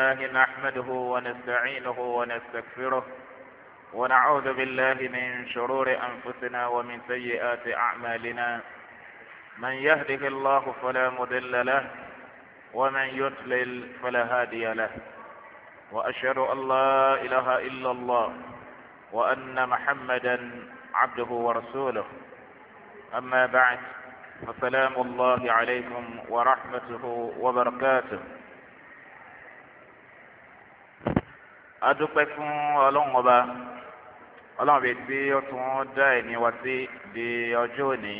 الله نحمده ونستعينه ونستغفره ونعوذ بالله من شرور أنفسنا ومن سيئات أعمالنا من يهده الله فلا مضل له ومن يضلل فلا هادي له وأشهد أن لا إله إلا الله وأن محمدا عبده ورسوله أما بعد فسلام الله عليكم ورحمته وبركاته adúpẹ́ fún ọlọ́run ọba ọlọ́run bíi tí ó tún dá ẹ̀mí wá sí di ọjọ́ òní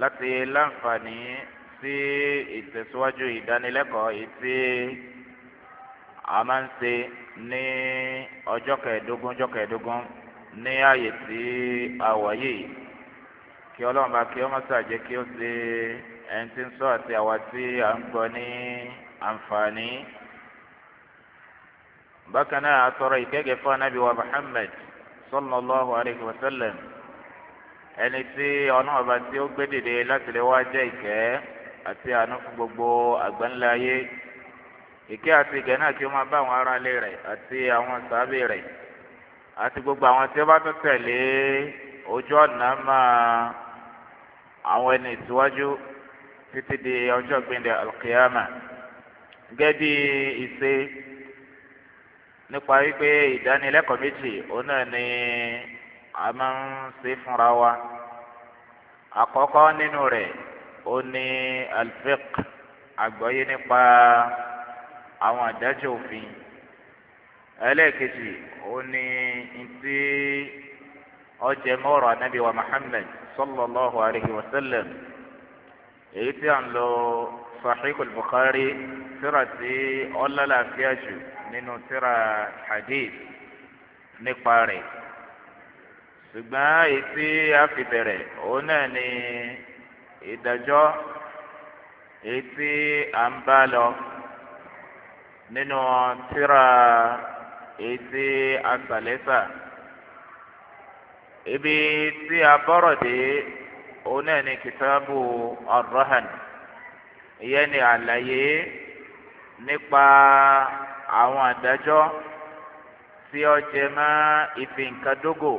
láti láǹfààní sí ìtẹ̀síwájú ìdánilẹ́kọ̀ọ́ èyí tí a máa ń ṣe ní ọjọ́ kẹẹ̀ẹ́dógún ọjọ́ kẹẹ̀ẹ́dógún ní ààyè tí a wà yìí kí ọlọ́run bá kí ọ má ṣàjẹ́ kí ó ṣe ẹni tí ń sọ àti àwa tí à ń gbọ́ ní àǹfààní bákan náà atọrọ ìkẹgẹ fún anabi wa muhammed sallallahu alayhi wa sallam ẹni tí ọ̀nà ọba tí ó gbé dìde láti lè wá jẹ́ ìkẹ́ àti àánú fún gbogbo àgbáńlá ayé ìkẹ́ àti ìkẹ́ náà kí ó máa bá àwọn aráalé rẹ̀ àti àwọn sàábì rẹ̀ àti gbogbo àwọn tí ó bá tó tẹ̀lé ojú ọ̀nà máa àwọn ẹni ìsíwájú títí di ọjọ́ gbẹ̀ndẹ̀ alkiyama gẹ́gẹ́ bí ìṣe nípa wípé ìdánilẹ́kọ̀ọ́ méjì òun náà ni a máa ń ṣe fúnra wa àkọ́kọ́ nínú rẹ̀ ó ní alfiq àgbọ́yé nípa àwọn àdájọ́ òfin ẹlẹ́ẹ̀kejì ó ní ntí ọjẹ́mọ́rọ̀ anábì wa muhammed sallallahu alayhi wa sallam èyí tí a ń lò صحيح البخاري bukhari tírà tí ọlọ́láfíà jù nínú tírà hadith nípa rẹ̀ ṣùgbọ́n èyí tí a fi bẹ̀rẹ̀ òun náà ni ìdájọ́ èyí tí a ń bá lọ nínú tírà èyí tí ibi tí a bọ̀rọ̀ dé òun náà ni kìtàbù ar-rahan ìyẹn ni àlàyé nípa àwọn àdájọ́ tí ó jẹ mọ́ ìfìǹkadógò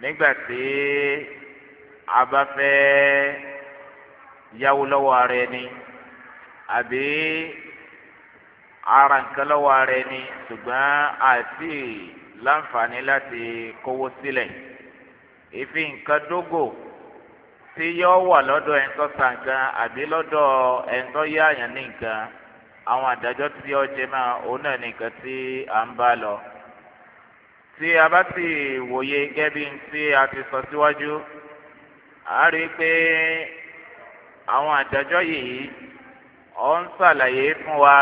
nígbà tí a bá fẹ́ yáwó lọ́wọ́ ara ẹni àbí ara nǹkan lọ́wọ́ ara ẹni ṣùgbọ́n àti láǹfààní láti kówó sílẹ̀ ìfìǹkadógò. E tí yọ wà lọ́dọ̀ ẹni tó sa nǹkan àbí lọ́dọ̀ ẹni tó yá àyàn ní nǹkan àwọn àdájọ́ tí yọ jẹ máa òun náà ní nǹkan tí à ń bá lọ. tí a bá sì wòye gẹ́bí tí a ti sọ síwájú a rí i pé àwọn àdájọ́ yìí ọ ń ṣàlàyé fún wa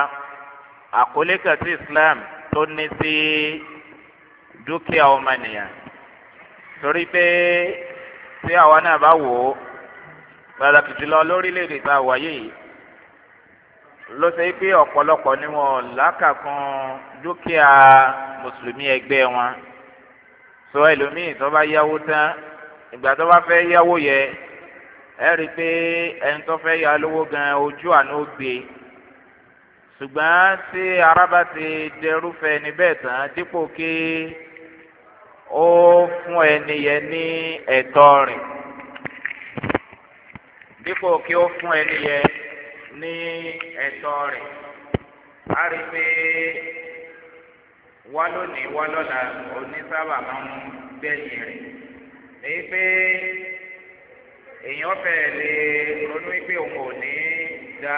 àkólé kan tí islam tó ní sí dúkìá ọmọnìyàn torí pé tí àwa náà bá wò ó pàtàkì jùlọ lórílẹ̀‐èdè tá a wáyé yìí ló ṣe pé ọ̀pọ̀lọpọ̀ ni wọn lákàkún dúkìá mùsùlùmí ẹgbẹ́ wọn sọ ẹlòmíì tó bá yáwó tán ìgbà tó bá fẹ́ yáwó yẹ ẹ rí i pé ẹni tó fẹ́ yá lówó gan ojú àná ó gbé ṣùgbọ́n tí ara bá ti dẹrúfẹ́ ẹni bẹ́ẹ̀ tán dípò kí ó fún ẹni yẹn ní ẹ̀tọ́ rìn. dípò kí ó fún ẹni yẹ ní ẹ̀tọ́ rẹ̀ rí pé wá lónìí wá lọ́la onísábà máa ń gbẹ̀yìn rẹ̀ èyí pé èèyàn fẹ́ lè ronú pé òun ò ní da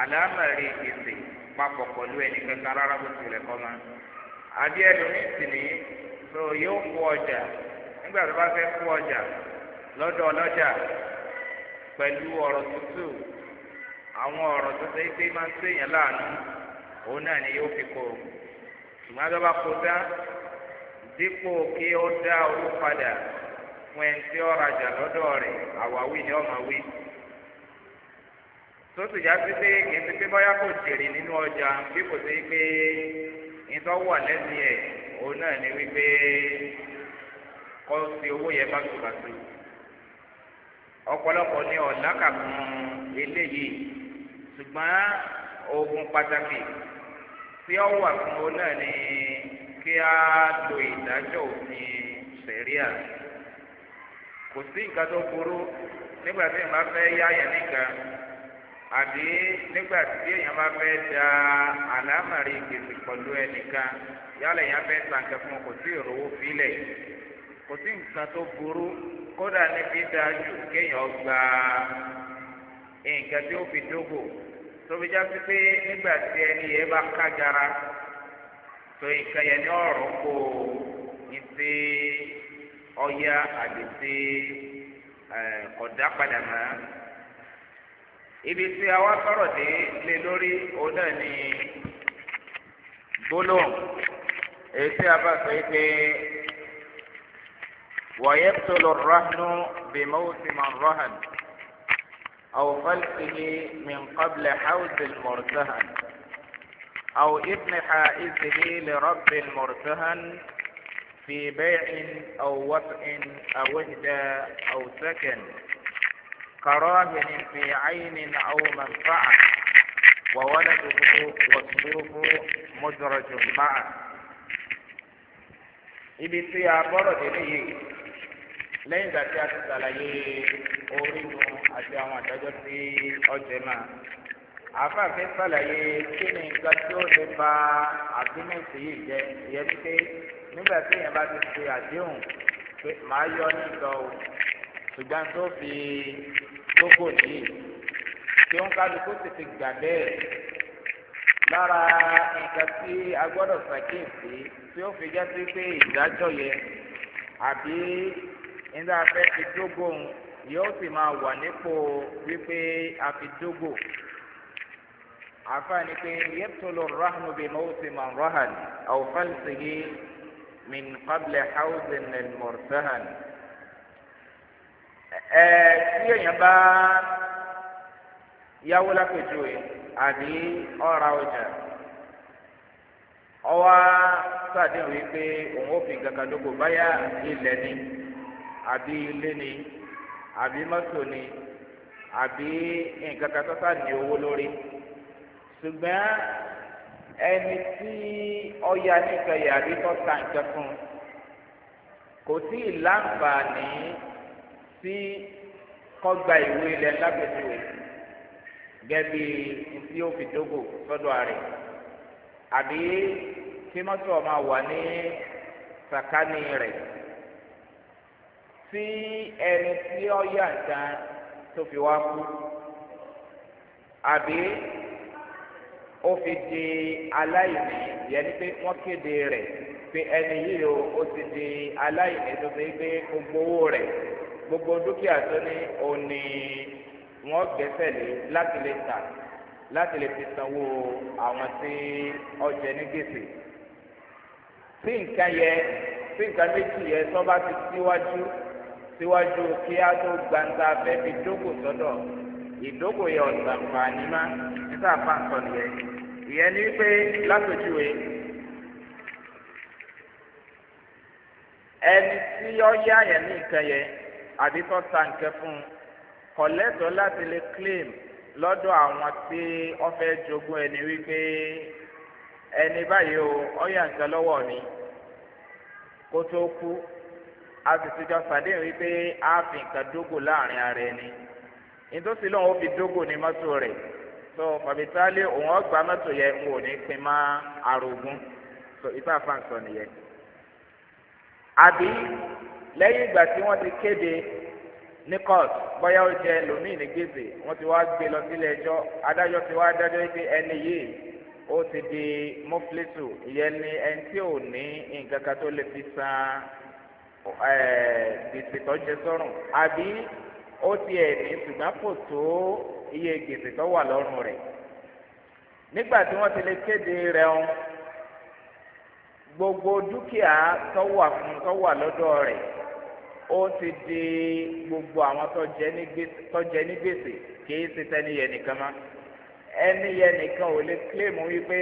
àlámẹ̀rí ìsìn papọ̀ pẹ̀lú kankan rárá ọjà nígbà tó ọjà lọ́dọ̀ ọlọ́jà pẹ̀lú ọ̀rọ̀ tuntun, àwọn ọ̀rọ̀ tó ṣe é pé máa ń ṣèyàn láàánú òun náà ni yóò fi kó o ṣùgbọ́n tó bá kó dá dípò kí ó dá owó padà fún ẹni tí ó rajà lọ́dọ̀ rẹ̀ àwáwí ni ọmọ wí tó sì já sí pé kì í pé báyà kò jèrè nínú ọjà bí kò pé lẹ́sìn ẹ̀ òun náà ni wípé kọ́ sí owó yẹn bá ọ̀pọ̀lọpọ̀ ní ọ̀nà kàkún eléyìí ṣùgbọ́n oògùn pàtàkì tí ó wà fún ọ náà ni kí a lo ìdájọ́ òfin sẹ̀ríà kò sí nǹkan tó burú nígbà tí èèyàn bá fẹ́ yáyà nìkan àbí nígbà tí èèyàn bá fẹ́ da àlámàrí gbèsè pẹ̀lú ẹnìkan yálà èèyàn fẹ́ sàǹkẹ́ fún kò sí ìrówó fílẹ̀ kò sí nǹkan tó burú kódà ní dídá jù kéèyàn gba nǹkan tí ó fi dógò tóbi já pé nígbà ẹni yẹn bá tó nǹkan ní ọ̀rọ̀ kó ọya àgbèsè ọ̀dà padà mọ́ ibi tí a wá sọ̀rọ̀ dé lé lórí òun náà ni gbólóhùn ويبطل الرهن بموت من رهن أو خلقه من قبل حوز المرتهن أو ابن حائزه لرب المرتهن في بيع أو وطء أو إهدى أو سكن كراهن في عين أو منفعة وولده والصوف مدرج معه ibi tí a lẹ́yìn ìgbà tí a ti ṣàlàyé orígun àti àwọn àdájọ́ tí ọjọ́ máa àfààfin ṣàlàyé kí ni nǹkan tí ó lè ba àgbémẹ̀sì yìí jẹ ìyẹn ni pé nígbà tí èèyàn bá ti ṣe àdéhùn pé màá yọ ní ìtọ́ o ṣùgbọ́n tó fi gbogbo yìí tí ó ń kálukú ti fi gbà bẹ́ẹ̀ lára nǹkan tí a gbọ́dọ̀ ṣàkíyèsí tí ó fi jẹ́ sí pé ìdájọ́ yẹ àbí nígbà fẹ́ fi dógò ń yóò sì máa wà nípò wípé a fi dógò àfa ni pé yẹ́pùtòlò rahmu bíi mọ́wùsì máa ń rọ́hàn àwòfáàlìsìgì min qablẹ̀ hausin nel mọ̀rọ̀sẹ́hàn. ẹ tí èèyàn bá yáwó lápèjúwe àbí ọ̀ra ọjà ọwá sàdéhùn wípé òun ó fi gàkàdógò báyà ilẹ̀ ni àbí ilé ni àbí mọ́tò ni àbí nǹkan kan tó sáà ní owó lórí ṣùgbọ́n ẹni tí ọya nìkan yà àbí tó ta nǹkan fún kò sí ìlànfààní sí kọ́gba ìwé ilẹ̀ lágbèjúwe gẹ́bí tí ó fi dógò sọ́dọ̀ àrè àbí kí mọ́tò ọmọ wà ní sàkání rẹ̀ tí ẹni tí ó yà nǹkan tó fi wá kú àbí ó fi di aláìní yẹni pé wọ́n kéde rẹ̀ pé ẹni yìí o ó ti di aláìní tó fi gbé gbogbo owó rẹ̀ gbogbo dúkìá tó ní òní wọ́n gbẹ́sẹ̀ lé láti lè tà láti lè fi sanwó àwọn tí ọjà ní gbèsè tí nǹkan yẹ tí nǹkan méjì yẹ tó bá ti síwájú. Si síwájú kí á tó gbàǹdà bẹ́ẹ̀ fi sọ́dọ̀ ìdógò yẹ ọ̀sán fàánì má títà fáńsọ nìyẹn ìyẹn ní pé ẹni tí ó yá yẹn ní nǹkan yẹn àbí ta nǹkan fún un kọ̀lẹ́tọ̀ láti lè claim lọ́dọ̀ àwọn tí fẹ́ jogún a sì tijọ́ sàdé wípé a fi nǹkan dógò láàrin ara ẹni nítòsí lóun ó fi dógò ní mọ́tò rẹ̀ tó fàbítálẹ̀ òun ọgbà mọ́tò yẹn ń wò ní pin má arógún tó ìta fáǹsọ nìyẹn. àbí lẹ́yìn ìgbà tí wọ́n ti kéde ní court bóyá ó jẹ lòmíì ní gbèsè wọ́n ti wá gbé lọ sílé ẹjọ́ adájọ́ ti wá dájọ́ pé ẹni yìí ó ti di mọ́flẹ́tù ìyẹn ni ẹni tí ò ní nǹkan kan tó lè fi san gbèsè tó jẹ sọ́rùn àbí ó tiẹ̀ ní ṣùgbọ́n kò tó iye gbèsè tó wà lọ́rùn rẹ̀ nígbà tí wọ́n ti lè kéde rẹ̀ ọ́n gbogbo dúkìá tó wà fún tó wà lọ́dọ̀ rẹ̀ ó ti di gbogbo àwọn tó jẹ ní gbèsè kìí ṣe tẹ́ni yẹn nìkan má ẹni yẹn nìkan ò lè kílèmù wípé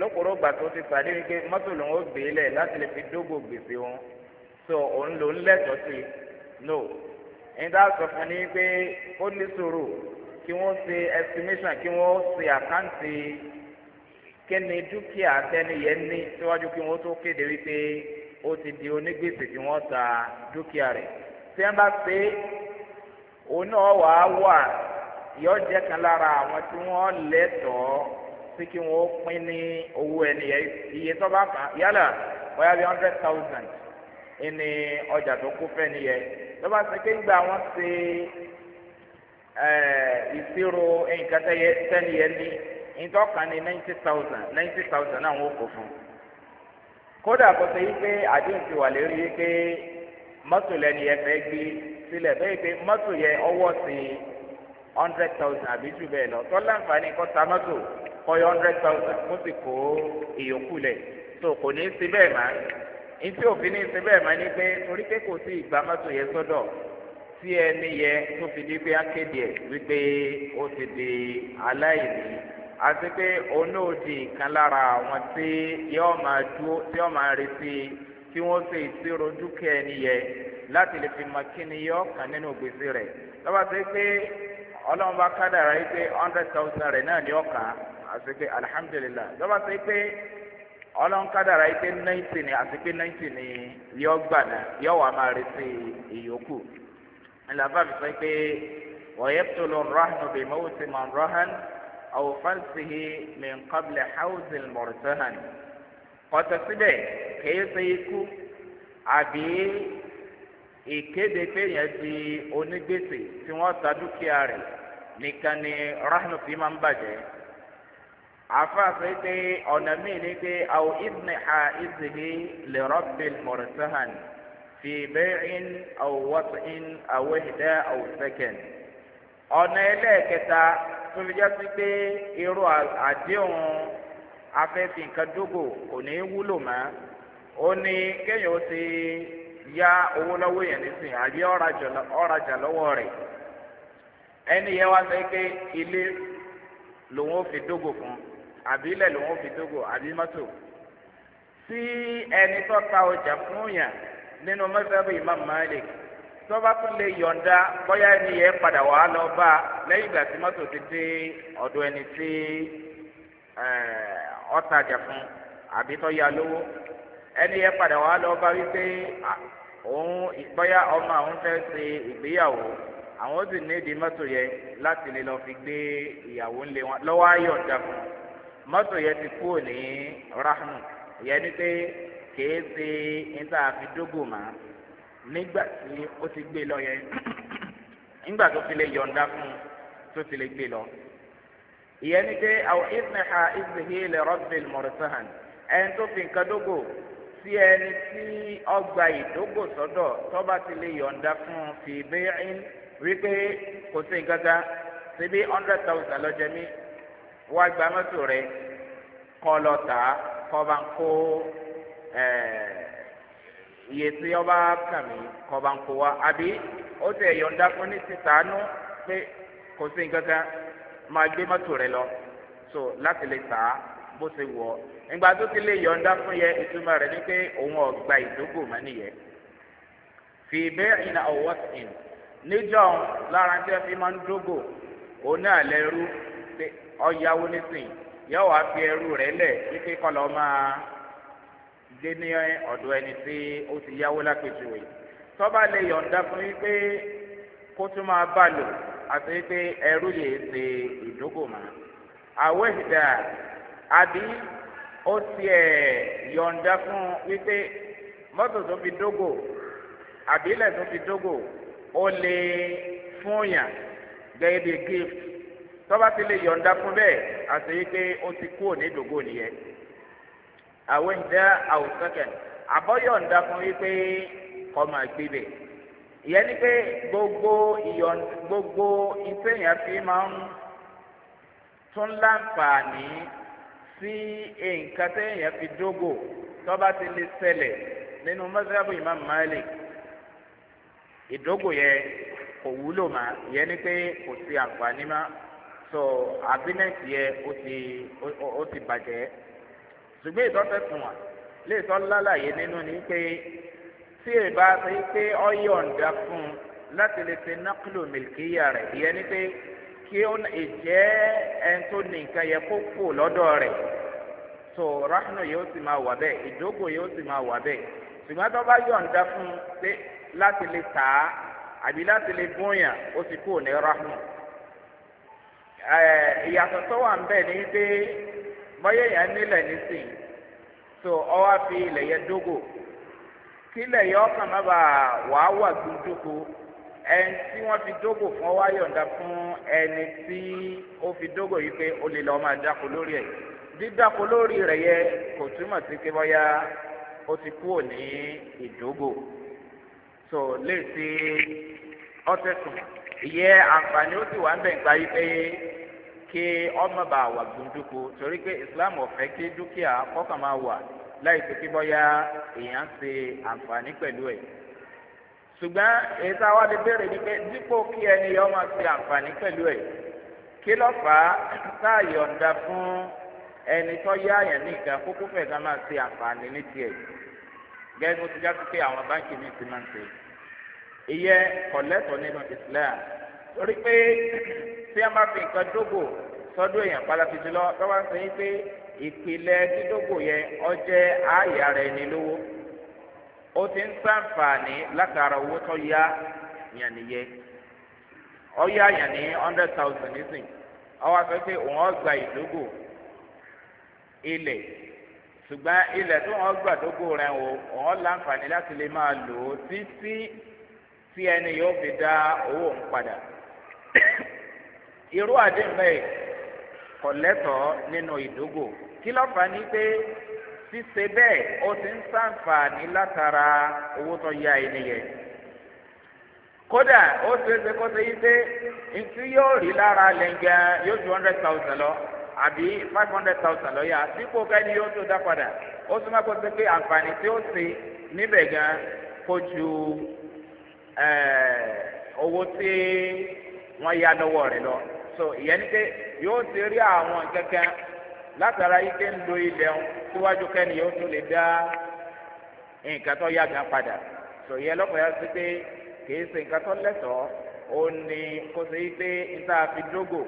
lókòrógbà tó ti pàdé wípé mọ́tò lòun ó gbé lẹ̀ láti lè fi dógò gbèsè wọn so òun ló ń lẹ́tọ̀ọ́ sí i no nígbà sọ fún ni pé ó ní sòrò kí wọ́n ṣe estimation kí wọ́n ṣe àkáǹtì kíni dúkìá tẹ́ni yẹn ní síwájú kí wọ́n tó kéde wípé ó ti di onígbèsè tí wọ́n ta dúkìá rẹ̀ tí wọ́n bá ṣe òun náà wà á wà yọ jẹ́ kan lára àwọn tí wọ́n lẹ́tọ̀ọ́ sí kí wọ́n pín ní owó ẹni iye tó bá kàn yálà bóyá bí hundred thousand. ẹni ọjà tó kú fẹ́ nìyẹn lọ́ba ṣe kéńgbà wọ́n ṣe ìṣirò nǹkan tẹ́niyẹn ní ìtọ́ka ní ninety thousand ninety thousand náà wọ́n kò fún kódà kó ṣe yí pé àdéhùn ti wà lérí yí pé mọ́tò lẹ́ni yẹn fẹ́ gbé sílẹ̀ bẹ́ẹ̀ pé mọ́tò yẹn ọwọ́ sí hundred thousand àbí jù bẹ́ẹ̀ lọ tọ́lá Iyo kọ́ ta mọ́tò kọ́ yọ hundred ntí òfin ní ìsìn bẹ́ẹ̀ máa ní pé torí pé kò sí ìgbà mọ́tò yẹn sọ́dọ̀ tí ẹni yẹ tó fi di pé akéde ẹ̀ wípé ó ti di aláìní àti pé onóòdì kan lára àwọn tí yóò máa dúró tí yóò máa retí tí wọ́n ṣe ìṣirò dúkìá ẹni yẹ láti lè fi mọ kí ni yọ kàn nínú gbèsè rẹ̀ lọ́wọ́ àti pé ọlọ́run bá kádàrá yìí pé hundred thousand rẹ̀ náà ni ọ̀kan àti pé alihamudulilayi lọ́wọ́ pé ọlọ́run kádàrá yìí pé ninety ni àti pé ninety ni yọ gbà náà yọ wà máa retí ìyókù ńláfà mi sọ pé wọ́yẹ́ tó lọ rahnu bí mọ́wùsì mọ̀ rọ́hán àwòfáàsìhì mi nkọ́bìlẹ̀ haúsìn mọ̀rọ̀tọ́hán kọ́tọ̀ síbẹ̀ kìí ṣe ikú àbí ìkéde pé di onígbèsè tí wọ́n ta dúkìá rẹ̀ nìkan ni rahnu fi máa ń bàjẹ́ àfàṣe pé ọ̀nà míì ni pé àwọn ìdìní ha ìdìní lè rọ́bìn mọ̀rẹ́sán fi bẹ́ẹ̀rin àwọn wọ́tìn àwọn ìdá àwọn sẹ́kẹ̀n. ọ̀nà ẹlẹ́ẹ̀kẹta tó fi jásí pé irú àdéhùn afẹ́fì nǹkan dógò kò ní wúlò mọ́ ó ní kéèyàn ó ti ya owó lọ́wọ́ yẹn nísìnyí àbí ọ̀rajà lọ́wọ́ rẹ̀ ẹni yẹn wá sọ pé ilé lòun ó fi dógò fún un àbí ilẹ̀ lòun fi dógò àbí mọ́tò tí ẹni tó ta ọjà fún yàn nínú mọ́sáàbù imam malik tọ́ba tún lè yọ̀ǹda bóyá ẹni yẹn padà wàá lọ bá lẹ́yìn ìgbà tí mọ́tò ti dé ọ̀dọ̀ ẹni tí ọ̀tajà eh, fún àbí tó ya lówó ẹni yẹn padà wàá lọ bá wípé òun bóyá ọmọ àwọn fẹ́ ṣe ìgbéyàwó àwọn ó sì ní ìdí mọ́tò yẹn láti lè lọ fi gbé ìyàwó ńlẹ̀ wọn lọ́wọ́ ayọ̀ǹda fún un mọ́tò yẹn ti kú ní rahmu ìyẹn ni pé kèé ṣe níta fi dógò mọ́ nígbà tí ó ti gbé lọ yẹn nígbà tó fi lè yọ̀ǹda fún tó ti lè gbé lọ. ìyẹn ni pé àwọn ìfìhà ìfìhì lè rọ́bìl mọ̀rẹ́sán ẹni tó fi nǹkan dógò sí ẹni tí ọgbà ìdógò sọ́dọ̀ tó ti lè yọ̀ǹda fún fi bẹ́ẹ̀ ń rí kò sí nǹkan síbi hundred thousand lọ́jọ́ mi wá gba mọ́tò rẹ kọ́ lọ tà á kọ́ bá ń kó iye tí ọba kàmí kọ́ bá ń kó wa àbí ó tẹ̀ yọ̀ǹda fún ní títàánú pé kò sí nǹkan kan máa gbé mọ́tò rẹ lọ so láti lè tà á bó ṣe wọ̀ ọ́ ìgbà tó ti lè yọ̀ǹda fún yẹ ìtumọ̀ rẹ̀ ni pé òun ọ̀gbà ìdógò mọ́ nìyẹn fi bẹ́ẹ̀ ìnà ọ̀wọ́ sìn níjọ́ lára tí wọ́n fi máa ń dógò òun náà lẹ́rú pé ọ̀yàwó nísìn yóò wá fi ẹrú rẹ̀ lẹ̀ wípé kọ́lọ́ máa dé ní ọ̀dọ̀ ẹni tí ó ti yáwó lápèjúwe tọ́ba lè yọ̀ǹda fún wípé kó tún máa bá lò àti wípé ẹrú yìí ṣe ìdógòmá àwọ̀ ìdá àbí ó tiẹ̀ yọ̀ǹda fún wípé mọ́tò tó fi dógò àbí tó fi dógò ó lè fún yàn gẹ́gẹ́ bí gift tọ́ba ti lè yọ̀ǹda fún bẹ́ẹ̀ àti wípé ó ti kú òní dògó nìyẹn àwọn ìdá àwòsàkẹ́ni àbọ̀yọ̀ǹda fún wípé kọ́ máa gbé bẹ̀ ìyẹn ni pé gbogbo ìyọ̀n gbogbo ìfẹ̀yàn fi máa ń tún láǹfààní sí nǹkan tẹ̀yàn fi dógò tọ́ba ti lè sẹlẹ̀ nínú mọ́sálábù imam malik ìdógò yẹn kò wúlò mà ìyẹn ni pé kò sí àǹfààní máa so agreement yẹ ó ti ó ti bàjẹ́ ṣùgbọ́n ìtọ́tẹ̀sùn wa lè sọ lálàyé nínú ni pé tí ẹ bá ṣe pé ọ yọ̀ǹda fún un láti lè ṣe nákìlò mìlìkìyà rẹ̀ ìyẹn ni pé kí ó ìjẹ́ ẹni tó ní nǹkan yẹ kó kù lọ́dọ̀ rẹ̀ so rahnu yóò sì máa wà bẹ́ẹ̀ ìdógò yóò sì máa wà bẹ́ẹ̀ ṣùgbọ́n tó bá yọ̀ǹda fún pé láti lè tà àbí láti lè bóyàn ó ti kù ní rahnu. Eh, ìyàtọ̀ tó wà ń bẹ̀ ni pé bọ́yẹ̀ yẹn nílẹ̀ nísìn so ọwọ́ fi ilẹ̀ yẹn dógò kí ilẹ̀ yẹn ọkàn má bàa wàá wà gbódóko ẹni tí wọ́n fi dógò fún ọwọ́ ayọ̀ǹda fún ẹni tí ó fi dógò yìí pé ó lè lọ́ọ́ máa dáko lórí ẹ̀ dídáko lórí rẹ̀ yẹ kò túmọ̀ sí pé bọ́yá ó ti kúrò ní ìdógò so léèsì ọtẹ̀sùn. ìyẹ àǹfààní ó sì wà ń bẹ̀ ń parí pé kí ọmọ bá wà torí pé islam ọ̀fẹ́ kí dúkìá kọ́kàn máa wà láì pé kí bọ́yá èèyàn ṣe àǹfààní pẹ̀lú ẹ̀ ṣùgbọ́n èyí tá a wá lè béèrè ni pé dípò kí ẹni yọ máa ṣe àǹfààní pẹ̀lú ẹ̀ kí ló fà á tá a yọ̀ǹda fún ẹni tó yá àyàn ní ìgbà kókó fẹ̀ ká máa ṣe àǹfààní ní tiẹ̀ gẹ́gẹ́ bó ti ìyẹn kọ̀lẹ́tọ̀ nínú islam torí pé tí a máa fi nǹkan dógò sọ́dọ̀ èèyàn pàtàkì jùlọ lọ́wọ́ ń sẹ́yìn pé ìpìlẹ̀ dídógò yẹn lówó ó ti ń sàǹfààní látara owó tó yá yàn nìyẹn ọ yá yàn ní hundred thousand nísìn ọwọ́ sọ pé òun ọgbà ìdógò ilẹ̀ ṣùgbọ́n ilẹ̀ tó wọn o òun láǹfààní láti lè máa lò ó tí ẹni yóò fi dá owó ń padà irú àdéhùn bẹ́ẹ̀ kò lẹ́tọ̀ọ́ nínú ìdógò kí ló fà ní pé ṣíṣe bẹ́ẹ̀ ó ti ń sàǹfààní látara owó tó yá ẹni yẹn kódà ó ṣeéṣe kó ṣe yí pé ntí yóò rí lára lẹ́ngà yóò ju hundred thousand lọ àbí five hundred thousand lọ yá dípò kẹ́ni yóò tó dá padà ó tún má kó ṣe pé àǹfààní tí ó ṣe níbẹ̀ gan kó ju Eh, owó tí wọ́n ya lọ́wọ́ rẹ̀ lọ so ìyẹn ni pé yóò ti rí àwọn kankan látara yìí pé ń lo ilẹ̀ ń síwájú kẹ́ni yóò tún lè dá nǹkan tó yá gan padà so ìyẹn lọ́pọ̀ yá sí pé kìí ṣe nǹkan tó lẹ́tọ̀ọ́ ó ní kó ṣe yí pé níta fi dógò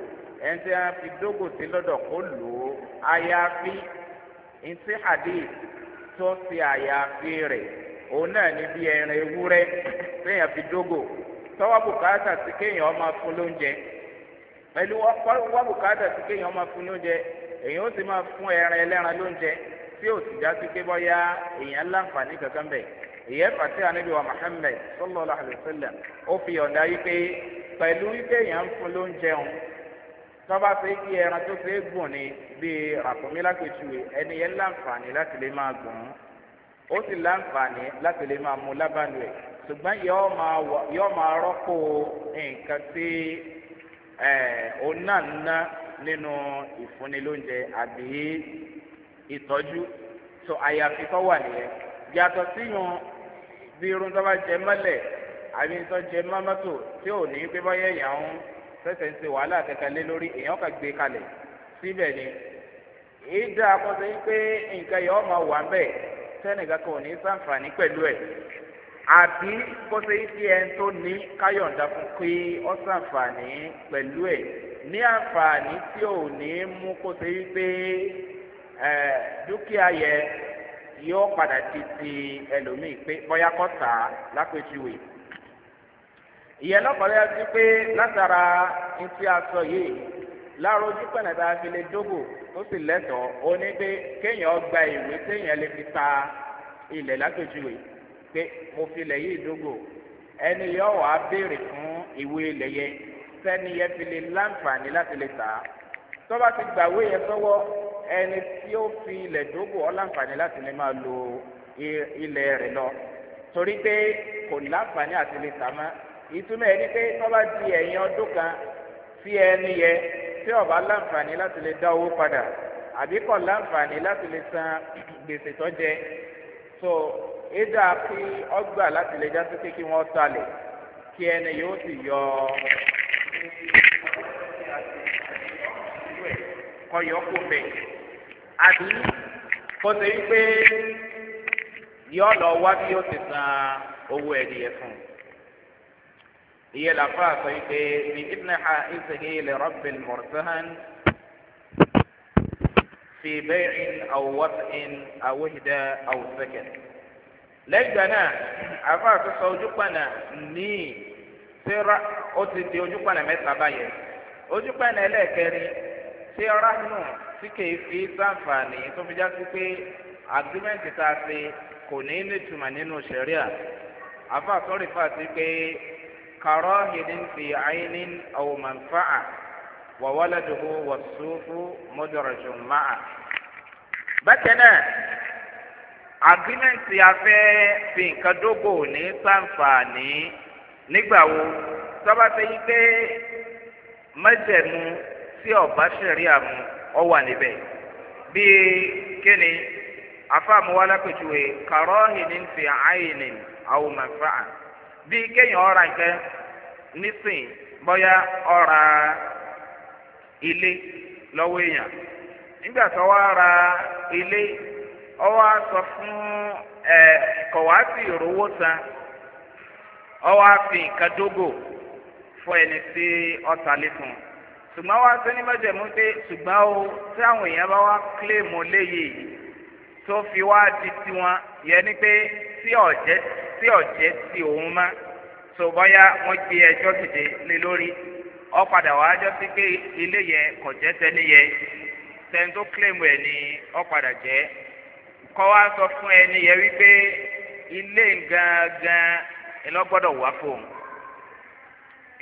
ẹni tí a fi dógò sí lọ́dọ̀ kó lò ó àyàfi ntí hadith tó ṣe àyàfi rẹ̀ òun náà ní bí ẹran ewúrẹ́. téèyàn fi dógò tọ́wọ́ bùkátà sí kéèyàn ọmọ fún lóúnjẹ pẹ̀lú wọ́n bùkátà sí kéèyàn ọmọ fún lóúnjẹ èyàn ó sì máa fún ẹran ẹlẹ́ran lóúnjẹ tí ò sì já sí pé bọ́yá èyàn láǹfààní kankan bẹ̀ ìyẹn fàtí ànábi wa muhammed sallallahu alayhi ó fi ọ̀dà yìí pé pẹ̀lú wípé èyàn ń fún lóúnjẹ òun tọ́ba ni bíi ẹni yẹn láǹfààní láti lè máa gùn ó ṣùgbọ́n yọ máa wọ yọ máa rọ́pò nǹkan tí òun náà ń nínú ìfúnnilóúnjẹ àbí ìtọ́jú tó àyàfi kọ́ wà nìyẹn yàtọ̀ síyun bí irun tó bá jẹ mọ́lẹ̀ àbí tó jẹ mọ́mọ́tò tí ò ní pé bá yẹ̀yàn ń fẹsẹ̀ ń ṣe wàhálà kẹ̀kẹ́ lórí èèyàn gbé kalẹ̀ síbẹ̀ ni ìdá akọ́sẹ́ pé nǹkan máa wà ń bẹ̀ sẹ́nìkan ní sàǹfààní pẹ̀lú ẹ̀. àbí kó ṣe é sí ẹni tó ní káyọ̀ǹda fún pé ó ṣàǹfààní pẹ̀lú ẹ̀ ní àǹfààní tí ò ní mú kó ṣe é pé dúkìá yẹ yóò padà di ti ẹlòmíì pé bóyá kọ́ tà á lápèjúwe ìyẹn lọ́kọ̀ọ́ yẹ sí pé látara ní a sọ yìí láàárọ̀ ojú pẹ̀lẹ́ tá a fi lè dógò tó sì lẹ́tọ̀ọ́ ó kéèyàn gba ìwé téèyàn lè fi ta ilẹ̀ lápèjúwe pé mo fi ilẹ̀ yìí dógò ẹni yọ wàá béèrè fún ìwé ilẹ̀ yẹn sẹ́ni yẹn fi lè láǹfààní láti lè tà á tọ́ba ti gbàwé yẹn sọ́wọ́ ẹni tí ó fi ilẹ̀ dógò ọ́ láǹfààní láti lè máa lo ilẹ̀ rẹ̀ lọ torí pé kò láǹfààní àti lè tà mọ́ ìtumọ̀ ẹni pé tọ́ba di ẹ̀yìn ọdún kan fi ẹni yẹ tí ọba láǹfààní láti lè dá owó padà àbí kọ̀ láǹfààní láti lè san gbèsè tó jẹ so ìdá kí ọgbà láti lè já sókè kí wọ́n talẹ̀ kí ẹni yóò sì yọ kọyọ kó bẹ̀ àbí kó ṣe wípé yọ lọ wá bí yóò ti san owó ẹ̀dì yẹn fún un ìyẹn sọ wípé ní ibùdó ha ìṣègé lè rọ́bìn mọ̀tán. في بيع أو وطئ أو وحدة أو سكن lẹ́gbẹ̀ẹ́ náà àfa àtúnṣe ojúpànà ní tíra ó ti di ojúpànà mẹ́ta báyẹn ojúpànà ẹlẹ́ẹ̀kẹrin tíra nù tí kìí fi sáǹfààní tó fi já sí pé agreement tá a ṣe kò ní nítumọ̀ nínú sẹ̀ríà àfa àtúnṣe fà sí pé kàrọ́ hìdín fi àyíní àwòmọ̀nfàà wàwálàdùhù wàsúfù mọ́dọ̀rọ̀jùmáà bákẹ́ náà. agreement a fẹ́ fi nkan dógò ní sàǹfààní nígbà wo sábà fẹ́ yí pé mẹ́jẹ̀mú tí ọ̀bá ṣẹ̀rí àmú ọ wà níbẹ̀ bíi kíni afáàmú wa lápẹ̀jùwe kàrọ́ọ̀hìn ní fi àyìnì àwọn màfáà bíi kéèyàn ọra nǹkan nísìn bóyá ọ̀ra ilé lọ́wọ́ èèyàn nígbà tó wá ra ilé. ọwọ́ aṣọ fún ẹ kọ̀wáàtì ìrówó san ọwọ́ àfi nǹkan dógò fún ẹni tí ọ̀tà lẹ́fún ṣùgbọ́n wá sẹ́ni ní mẹ́jẹ̀mú pé ṣùgbọ́n o tí àwọn èèyàn bá wá kílèmù léyè tó fi wá di tiwọn yẹ ni pé tí ọ̀jẹ́ tí ọ̀jẹ́ ti òun má tó bọ́yá wọ́n gbé ẹjọ́ dìde lé lórí ọ padà wá jọ sí pé ilé yẹn kọ̀jẹ́ tẹ́ni yẹn tẹ́ni tó kílèmù ẹ̀ ni ọ padà jẹ́ kọ́ wa sọ fún ẹni yẹ wípé ilé gangan ìlọ́gbọ́dọ̀ wá fóun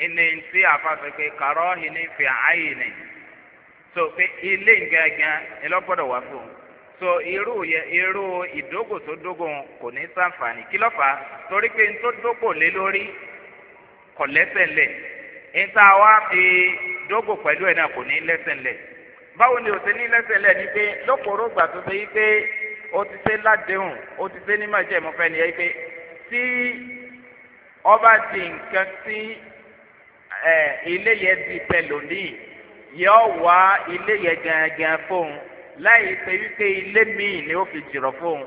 ìní tí àfàṣẹ pé kàrọ́ ìní fi àyè ni so pé ilé gangan ìlọ́gbọ́dọ̀ wá fóun so irú yẹ irú ìdógò tó dógùn kò ní sàǹfààní kí lọ́fà torí pé nítorí dógò lé lórí kọ̀ lẹ́sẹ̀ lẹ̀ níta wá fi dógò pẹ̀lú ẹ̀ náà kò ní lẹ́sẹ̀ báwo ni o ti ní lẹ́sẹ̀ ni pé lókòrò gbà tó ṣe yí pé ó ti ṣe ládéhùn ó ti ṣe ní májẹ̀mú fẹ́ nìyẹn pé tí ọba di nǹkan tí ilé yẹn di pẹ̀lòmíì yẹ ọ wá ilé yẹn gangan fóun láì pé wípé ilé míì ni ó fi jìrọ̀ fóun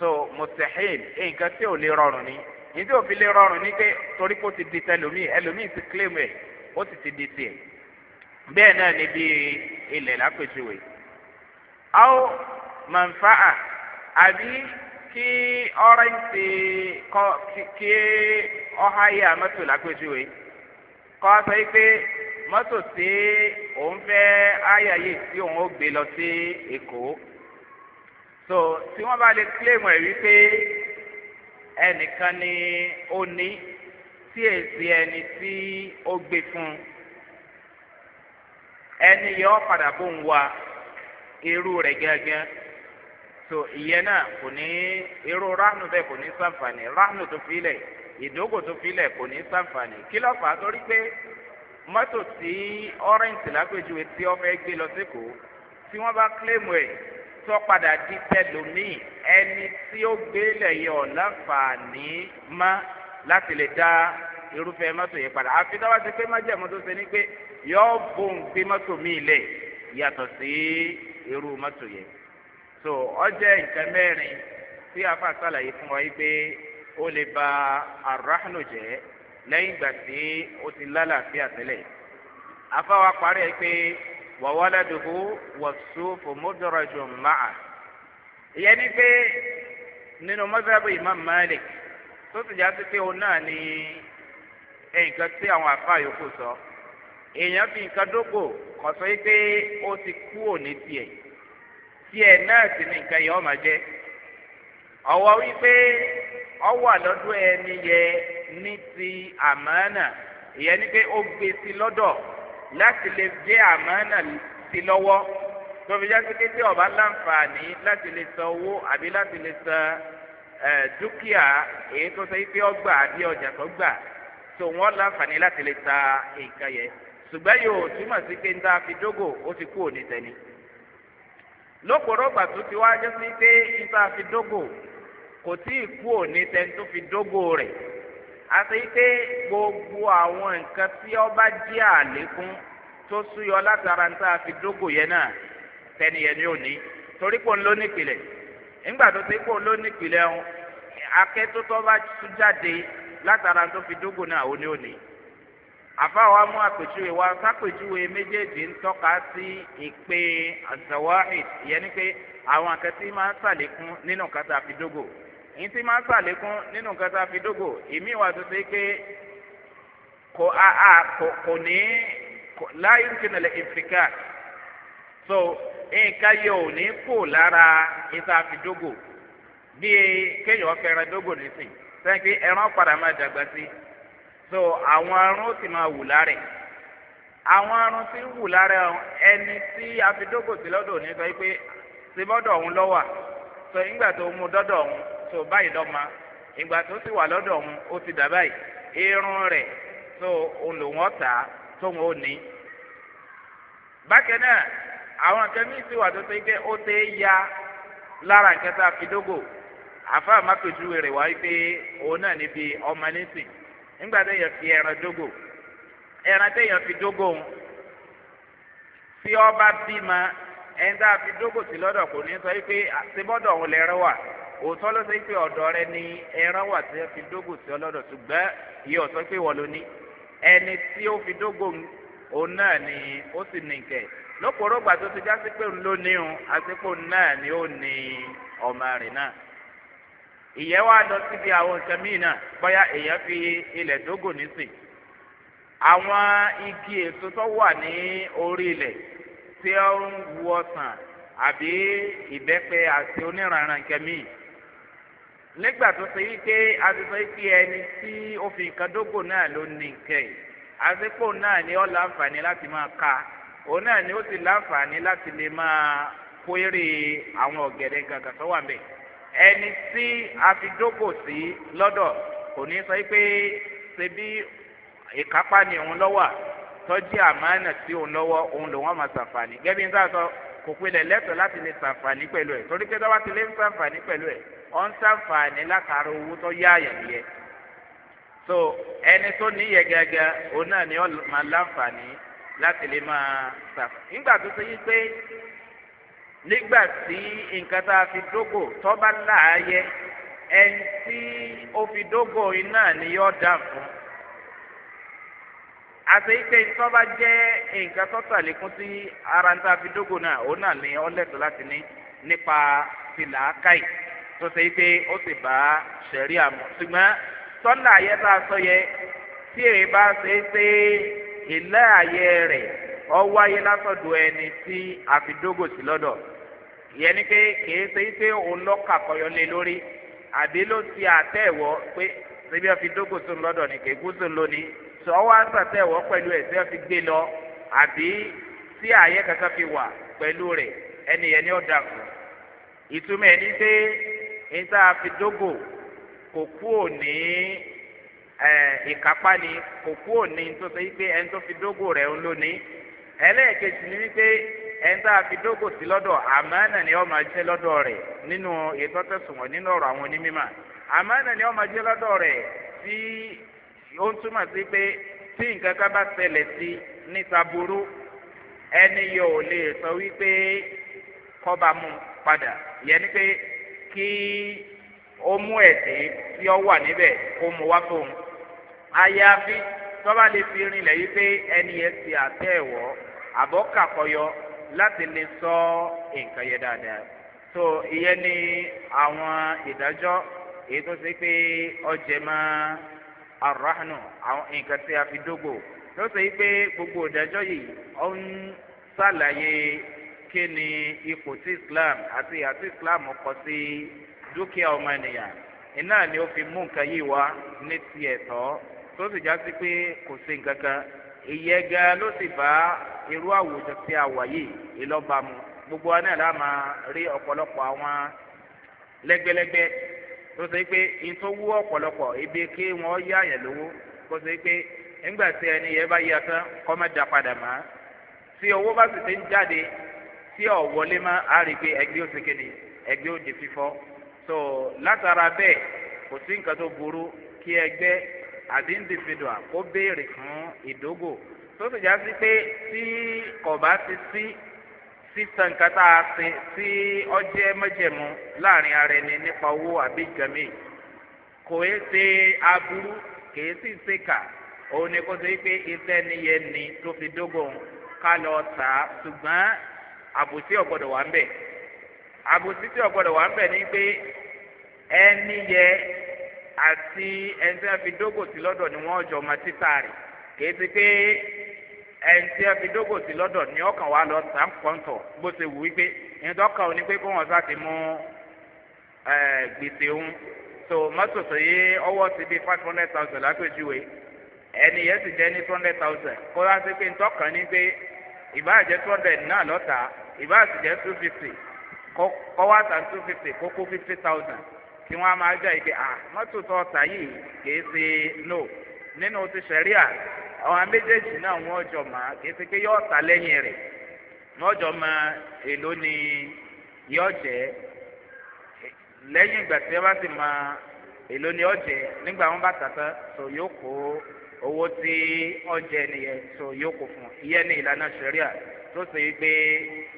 so mùsùlùmí nǹkan tí ò lè rọrùn ni yìí tí ò fi lè rọrùn ni pé torí kó ti di tẹlòmíì ẹlòmíì ti claim ẹ ó sì ti di tiẹ̀ bẹ́ẹ̀ náà ni bí ilẹ̀ lápèjúwe manfa'a àbí kí ọ̀rẹ́ ń ṣe kọ́ kí ọ̀há yà mọ́tò lápẹ́jùwe kọ́ sọ pé mọ́tò tí òun fẹ́ àyà yìí tí òun ó gbé lọ sí èkó so tí wọ́n bá lè kílèmù ẹ̀ wípé ẹnìkan ni ó ní tí èsì ẹni tí ó gbé fún un ẹni yọ padà bó ń wa irú rẹ̀ gẹ́gẹ́ so ìyẹn náà kò ní irú ráhùn bẹ́ẹ̀ kò ní sàǹfààní ráhùn tó filẹ̀ ìdógò tó filẹ̀ kò ní sàǹfààní kí ló fà á torí pé mọ́tò tí ọ́rẹ́ǹtì lápèjúwe tí wọ́n fẹ́ gbé lọ sékòó tí wọ́n bá kílèmù ẹ̀ tó padà di tẹlómìn ẹni tí ó gbé lẹ̀ yẹ má láti lè dá irúfẹ́ mọ́tò yẹn padà àfi tó bá ti pé májẹ̀mú tó ṣe ni pé yọ́ọ́ bò ń gbé mọ́tò míì lẹ̀ yàtọ̀ sí irú mọ́tò yẹn so ọjọ́ nǹkan mẹ́rin tí afa sàlàyé fún wa yìí pé ó lè ba arahanu jẹ́ lẹ́yìn ìgbà tí ó ti lálàáfíà tẹ́lẹ̀ afa wa parí ẹ pé wàwọ́lẹ́dùkú wọ̀sùfù mọ́dọ̀rọ̀jù máa ìyẹn ni pé nínú mọ́sáàbù imam malik tó sì já sí pé òun náà ni nǹkan tí àwọn afa yòókù sọ èèyàn fi nǹkan dógò kọ̀ yìí pé ó ti kú òní tiẹ̀. tiẹ̀ náà sì ni nǹkan yẹn ọmọ jẹ́ ọwọ́ wípé ẹni yẹ ní ti àmọ́nà ìyẹn ni pé ó gbé sí lọ́dọ̀ láti lè jẹ́ àmọ́nà sí lọ́wọ́ tóbi já pé tí ọba láǹfààní láti lè san owó àbí láti lè san dúkìá èyí tó sọ pé ọgbà àbí ọjà tó gbà tó wọ́n láǹfààní láti lè ta nǹkan yẹn ṣùgbọ́n yóò túmọ̀ sí pé ń fi dógò ó ti lokoro ọgbà tó ti wá sí pé ibà fi dógò kò tí ì kú òní tẹni tó fi dógò rẹ̀ àti pé gbogbo àwọn nǹkan tí ọba jẹ́ àlékún tó súyọ látara tá fi dógò yẹn náà yẹn ni ò ní torí pò ń ló nípìnlẹ̀ nígbà tó ti pò ń ló nípìnlẹ̀ ọ̀hún akẹ́tótọ́ bá jáde látara tó fi dógò náà ò ní àfa wa mú àpèjúwe wa sápèjúwe méjèèjì ń tọ́ka sí ìpè azawahid ìyẹn ni pé àwọn akẹ́tí máa ń sàlékún nínú kata àfidógò èyí tí máa ń sàlékún nínú kata àfidógò èmi wà tó ṣe pé kò a a kò kò ní láyé ìkìnnìlẹ̀ ìfìkà so nǹkan yẹ ò ní kó lára ìta àfidógò bíi kéèyàn fẹ́ràn dógò nísìn sẹ́yìn ẹran padà máa dàgbà sí i so àwọn arún sì máa wù lárẹ̀ àwọn arún tí ń wù lárẹ̀ ẹni tí afidógò sí lọ́dọ̀ òní sọ pé ṣe bọ́dọ̀ òun lọ́wà so ìgbà tó mú dọ́dọ̀ òun so báyìí lọ́mọ ìgbà tó sì wà lọ́dọ̀ òun ó ti dà báyìí irun rẹ̀ so òun lòun ọ̀tá tóun ò ní. bákan náà àwọn kẹ́mí sì wà tó ṣe pé ó ṣe ya lára nǹkan tá a fi dógò àfa àmàpèjúwe rẹ̀ wáyé pé òun náà níbi ọmọ nísìn nígbà téèyàn fi ẹran dógò ẹran téèyàn fi dógò ń tí ọba bímọ ẹni tá a fi dógò sí lọ́dọ̀ kò ní sọ pé àtibọ́dọ̀ òun lẹ́rọ wà òótọ́ ló sọ pé ọ̀dọ̀ rẹ ni ẹran wà tí a fi dógò sí ọlọ́dọ̀ ṣùgbọ́n iye ọ̀tọ́ pé wọ́n ló ní ẹni tí ó fi dógò òun náà ni ó sì ní kẹ̀ lọ́pọ̀lọpọ̀ àti ti já sí pé òun ló ní òun àti pé òun náà ni ó ní ọmọ rẹ̀ náà ìyẹn wá lọ síbi àwọn nǹkan míì náà bóyá èèyàn fi ilẹ̀ dógò nísìn àwọn igi èso tó wà ní orí ilẹ̀ tí ó ń wu ọsàn àbí ìbẹ́pẹ àti oníranran nǹkan míì nígbà tó ṣe yí a ti sọ pé ẹni tí ó fi nǹkan dógò náà ló ní nǹkan yìí àsìkò náà ni ó láǹfààní láti máa ka òun náà ni ó sì láǹfààní láti lè máa kó eré àwọn ọ̀gẹ̀dẹ̀ gàgà tó wà bẹ́ẹ̀. ẹni tí a fi jókòó sí lọ́dọ̀ kò ní sọ pé ṣe bí ìkápá ni òun lọ́wọ́ tọ́jú àmánà sí òun lọ́wọ́ òun lòun àmà sàǹfààní gẹ́gẹ́ bí n sáà sọ kò pinlẹ̀ lẹ́tọ̀ láti lè sàǹfààní pẹ̀lú ẹ̀ torí pé tọ́wọ́ ti lè pẹ̀lú ẹ̀ ń látara owó tó yá so ẹni tó gẹ́gẹ́ òun náà ni ọ̀ máa láti lè máa nígbà tó nígbà tí nǹkan tá a fi dógò tọ́ba láàyè ẹni tí ó fi dógò iná ni yóò dà fún àti pé tọ́ba jẹ́ nǹkan sí ara nta tá a fi dógò náà òun náà ni ó lẹ́tọ̀ọ́ láti ní nípa tìlà káì tó ṣe pé ó sì bá ṣẹ̀rí àmọ́ ṣùgbọ́n tọ́lá ayé tá a sọ yẹ tí èrè bá ṣe é pé ìlà ayé rẹ̀ ọ wáyé látọ̀dọ̀ ẹni tí a fi dógò sí lọ́dọ̀ yẹni pé kìí ṣe pé òun lọ́kà kọyọlé lórí àbí ló ti àtẹ̀wọ́ pé síbi ọ̀fi dógòsó lọ́dọ̀ ní kékúsó lónìí sọ wá sàtẹ̀wọ́ pẹ̀lú ẹ̀ sí ọ̀fi gbé lọ àbí tí ààyè kankan fi wà pẹ̀lú rẹ̀ ẹni yẹn ni ó dà kù. ìtumọ̀ ẹni pé níta fi dógò kò kú òní ìkápá ni kò kú òní tó ṣe pé ẹni tó fi dógò rẹ̀ ń lónìí ẹlẹ́ẹ̀kejì ni wípé ẹni tá a fi dógò sí lọ́dọ̀ àmánà ni ọ máa jẹ́ lọ́dọ̀ rẹ̀ nínú ètò tẹ̀sùnwọ̀n nínú ọ̀rọ̀ àwọn onímọ̀ àmánà ni ọ máa jẹ́ lọ́dọ̀ rẹ̀ tí ó ń túmọ̀ sí pé tí nǹkan ká bá ṣẹlẹ̀ sí níta burú ẹni yóò lè sọ wípé kọ́ba mú padà yẹn ni pé kí ó mú ẹ̀sìn tí ó wà níbẹ̀ kó mu wá fóun àyàfi tọ́ba lè fi rinlẹ̀ yìí pé ẹni yẹn ti àtẹ̀ ẹ̀wọ́ àbọ̀kàkọyọ láti lè sọ nǹkan yẹn dáadáa so ìyẹn ni àwọn ìdájọ́ èyí tó ṣe pé ọjẹ máa arahanu àwọn nǹkan tí a fi dógò tó ṣe pé gbogbo ìdájọ́ yìí ó ń ṣàlàyé kí ni ipò tí islam àti àti islam kọ sí dúkìá ọmọnìyàn iná ni ó fi mú nǹkan yìí wá ní tiẹ̀ tọ́ tó sì já sí pé kò sí nǹkan kan ìyẹn gan ló sì bá irú àwùjọ tí a wà yìí ìlọ́bàmù gbogbo wa náà la máa rí ọ̀pọ̀lọpọ̀ àwọn lẹ́gbẹ́lẹ́gbẹ́ tó ṣe pé ìtòwú ọ̀pọ̀lọpọ̀ ibi kí wọ́n yá àyàn lówó kó ṣe pé nígbà tí ẹni yẹn bá yá tán kọ́ má da padà mọ́ tí owó bá sì ti ń jáde tí ọ̀ wọlé mọ́ á rí i pé ẹgbẹ́ òsèké ni ẹgbẹ́ òdì fífọ́ so látara bẹ́ẹ̀ kò sí nǹkan tó burú kí ẹgbẹ́ àdíndìfidùà kó béèrè fún ìdógò tó sì já sí pé tí kọ̀ọ̀bá ti sí sísan nǹkan tá a sin sí ọjẹ́ mẹ́jẹ̀mú láàrin ara ẹni nípa owó àbí ìgbẹ́mí kò é ṣe aburú kì í sì ṣe kà òun ni kó ṣe pé iṣẹ́ niyẹn ni tó fi dógùn ká lọ tà á ṣùgbọ́n àbùsí ọ̀gbọ́dọ̀ wà ń bẹ̀ àbùsí tí ọ̀gbọ́dọ̀ wà ń bẹ̀ ni pé ẹni yẹ àti ẹni tí wọ́n fi dógùn sí lọ́dọ̀ ni wọ́n jọ ọmọ títà rẹ̀ kì í ṣe pé ẹnití ẹ fi dógò sí lọ́dọ̀ ní ọkàn wa lọ sàm kọ́ńtọ̀ bó ṣe wù wípé ìdọ́kà òní pé kó wọn sá ti mú gbèsè òun tó mọ́tò yé ọwọ́ ti bí five hundred thousand lápèjúwe ẹni yẹn sì jẹ́ ní two hundred thousand kó wá sí pé ntọ́kàn ní pé ìbáà jẹ́ two hundred náà lọ́tà ìbáà sì jẹ́ two fifty kọ́ wá sàn two fifty kó kó fifty thousand tí wọ́n á máa jẹ́ ìgbé à mọ́tò tó yìí kì í ṣe no. nínú ti sẹ̀ríà àwọn méjèèjì náà wọ́n jọ maa kéteké yọ ọta lẹ́yìn rẹ̀ wọ́n jọ mọ̀ èló ni yóò jẹ́ lẹ́yìn ìgbà tí wọ́n bá ti mọ̀ èló ni yóò jẹ́ nígbà wọn bá tàtà tó yóò kó owó tí ọjà ẹnìyẹn tó yóò kó fún iye ní ìlànà sẹ̀ríà tó ṣe é gbé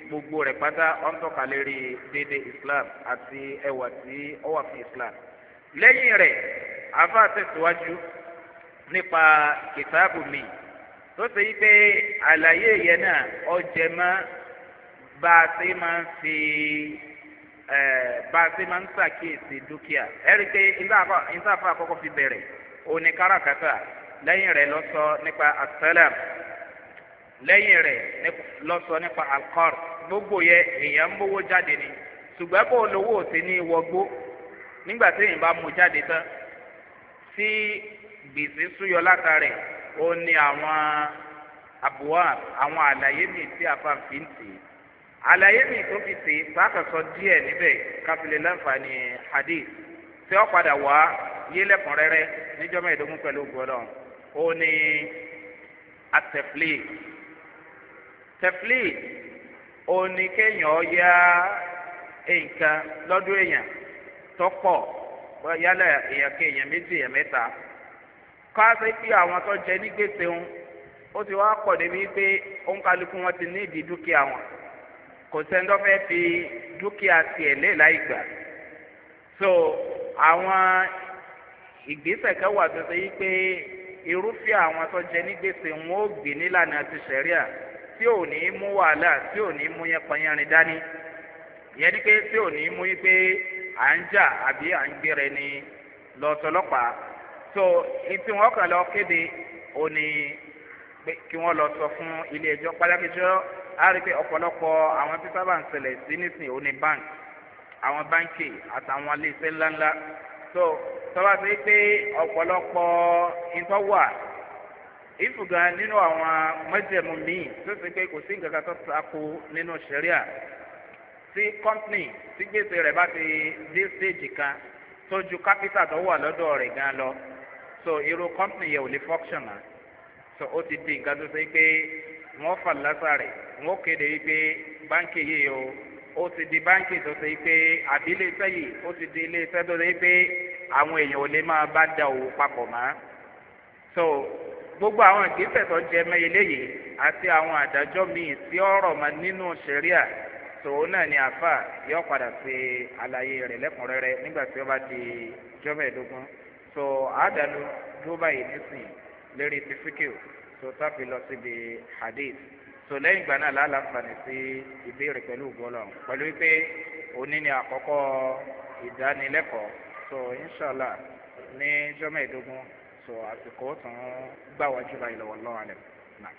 gbogbo rẹ̀ pátá ọ̀n tọ́ka lérí islam àti ẹwà tí ó fún islam lẹ́yìn rẹ̀ àfa tẹ̀síwájú. nípa kìtàbù mi tó ṣe yí pé àlàyé yẹn náà ọjẹ mọ́ bá a ṣe máa ń fi bá a ṣe máa ń ṣàkíyèsí dúkìá ẹ̀rí pé ìsáfà àkọ́kọ́ fi bẹ̀rẹ̀ òní kárakátà lẹ́yìn rẹ̀ lọ sọ nípa asálàm lẹ́yìn rẹ̀ lọ sọ nípa alkọ́r gbogbo yẹ èèyàn ń bówó jáde ni ṣùgbọ́n kó lówó ò sí ní wọgbó nígbà tí èèyàn bá mú jáde tán sí gbèsè súyọ látàrí ó ní àwọn àbúwá àwọn àlàyé mi tí àfàǹfì ń tè àlàyé mi tó fi tè pàtàkì díẹ̀ níbẹ̀ káfílẹ̀ láǹfààní hadith tí ó padà wá yé lẹ́kùnrẹ́rẹ́ níjọ́mọ́ ìdógún pẹ̀lú gbọ́dọ̀ ó ní atẹ̀flé tẹ̀flé ó ní kéèyàn yá nǹkan lọ́dún èèyàn tọ́pọ̀ yálà èèyàn kéèyàn méjì èèyàn mẹ́ta káàsì pé àwọn tó jẹ ní gbèsè wọn ó ti wá pọ̀ débi pé òǹkàlùkù wọn ti ní ìdí dúkìá wọn kò sẹ́ni fẹ́ fi dúkìá tiẹ̀ lé láì gbà so àwọn ìgbésẹ̀ kan wà tó ṣe yí pé irúfẹ́ àwọn tó jẹ ní gbèsè wọn ó nílànà ti sẹ̀ríà tí ò ní mú wàhálà tí ò ní mú dání ni pé tí ò so ìtì wọn kàn lọ kéde òní kí wọn lọ sọ fún ilé ẹjọ pálákejọ á rí pé ọpọlọpọ àwọn tí sábà ń ṣẹlẹ sí nísìnyí òní bank àwọn báńkì àtàwọn iléeṣẹ ńláńlá so tọ́ba ṣe pé ọpọlọpọ ìtọ́wà ìfùgàn nínú àwọn mọ́jẹ̀mú míì tó ṣe pé kò sí nǹkan kan tó sako nínú sẹ́ríà tí kọ́ńtìnì tí gbèsè rẹ̀ bá ti dé stéèjì kan tó kápítà tó wà lọ́dọ̀ rẹ̀ gan lọ so irú company yẹn ò lè function so ó ti di nǹkan tó ṣe pé wọ́n fà lásàrè wọ́n kéde wípé báńkì yìí o ó ti di báńkì tó ṣe pé àbí iléeṣẹ́ yìí ó ti di iléeṣẹ́ tó ṣe pé àwọn èèyàn ò lè máa bá da òwò papọ̀ mọ́ so gbogbo àwọn ìgbésẹ̀ tó jẹ mọ́ eléyìí àti àwọn àdájọ́ míì sí ọ̀rọ̀ mọ́ nínú sẹ́ríà tòun náà ni àáfà yóò padà ṣe àlàyé rẹ̀ lẹ́kùnrẹ́rẹ́ nígbà tí ó bá di jọ́mẹ̀ẹ́dógún so àádánu dúró báyìí nísìnyí lérí ti fíkìw so táfi lọ síbi hadith so lẹ́yìn ìgbà náà lálàáfààní sí ìbéèrè pẹ̀lú ògbọ́lọ̀ pẹ̀lú pé òní ni àkọ́kọ́ ìdánilẹ́kọ̀ọ́ so inshallah ní jọ́mọ̀ ìdógún so àsìkò tún gbà wájú báyìí lọ́wọ́ lọ́wọ́ àlẹ́.